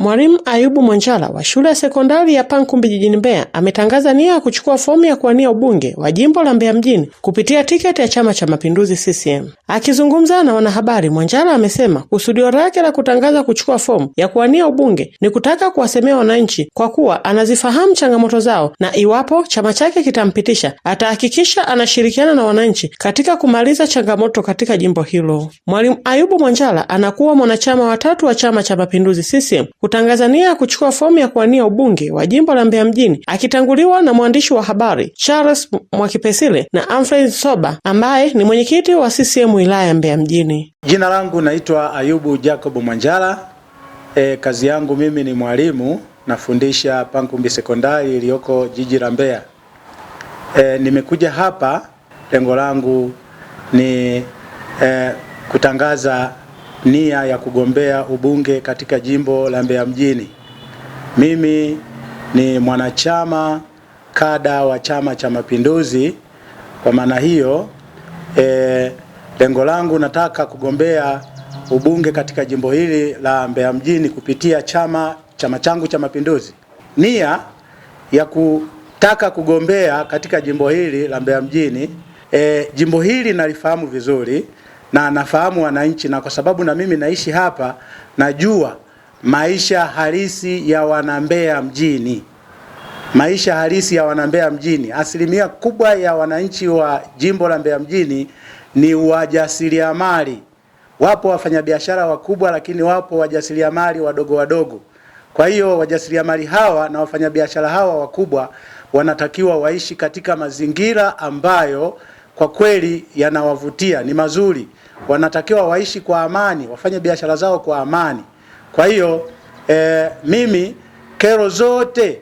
Mwalimu Ayubu Mwanjala wa shule ya sekondari ya Pankumbi jijini Mbeya ametangaza nia ya kuchukua fomu ya kuwania ubunge wa jimbo la Mbeya mjini kupitia tiketi ya Chama cha Mapinduzi CCM. Akizungumza na wanahabari, Mwanjala amesema kusudio lake la kutangaza kuchukua fomu ya kuwania ubunge ni kutaka kuwasemea wananchi kwa kuwa anazifahamu changamoto zao, na iwapo chama chake kitampitisha atahakikisha anashirikiana na wananchi katika kumaliza changamoto katika jimbo hilo. Mwalimu Ayubu Mwanjala anakuwa mwanachama wa tatu wa Chama cha Mapinduzi CCM kutangaza nia kuchukua fomu ya kuwania ubunge wa jimbo la Mbeya mjini akitanguliwa na mwandishi wa habari Charles Mwakipesile na Humphrey Soba ambaye ni mwenyekiti wa CCM wilaya ya Mbeya mjini. Jina langu naitwa Ayubu Jacob Mwanjala. E, kazi yangu mimi ni mwalimu nafundisha Pankumbi Sekondari iliyoko jiji la Mbeya. E, nimekuja hapa lengo langu ni e, kutangaza nia ya kugombea ubunge katika jimbo la Mbeya mjini. Mimi ni mwanachama kada wa Chama cha Mapinduzi. Kwa maana hiyo e, lengo langu nataka kugombea ubunge katika jimbo hili la Mbeya mjini kupitia chama chama changu cha Mapinduzi. Nia ya kutaka kugombea katika jimbo hili la Mbeya mjini e, jimbo hili nalifahamu vizuri na anafahamu wananchi, na kwa sababu na mimi naishi hapa, najua maisha halisi ya wanambea mjini, maisha halisi ya wanambea mjini. Asilimia kubwa ya wananchi wa jimbo la Mbeya mjini ni wajasiriamali. Wapo wafanyabiashara wakubwa, lakini wapo wajasiriamali wadogo wadogo. Kwa hiyo wajasiriamali hawa na wafanyabiashara hawa wakubwa wanatakiwa waishi katika mazingira ambayo kwa kweli yanawavutia, ni mazuri. Wanatakiwa waishi kwa amani, wafanye biashara zao kwa amani. Kwa hiyo e, mimi kero zote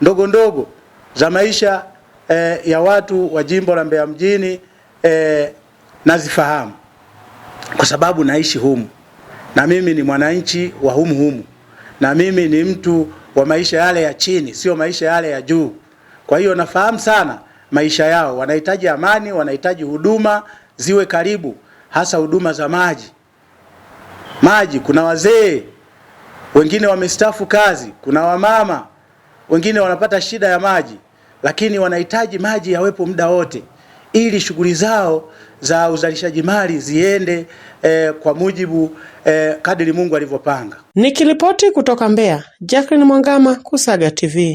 ndogo ndogo za maisha e, ya watu wa jimbo la Mbeya mjini e, nazifahamu kwa sababu naishi humu, na mimi ni mwananchi wa humu humu, na mimi ni mtu wa maisha yale ya chini, sio maisha yale ya juu. Kwa hiyo nafahamu sana maisha yao. Wanahitaji amani, wanahitaji huduma ziwe karibu, hasa huduma za maji. Maji, kuna wazee wengine wamestafu kazi, kuna wamama wengine wanapata shida ya maji, lakini wanahitaji maji yawepo muda wote ili shughuli zao za uzalishaji mali ziende eh, kwa mujibu eh, kadiri Mungu alivyopanga. Nikiripoti kutoka Mbeya, Jacqueline Mwangama, Kusaga TV.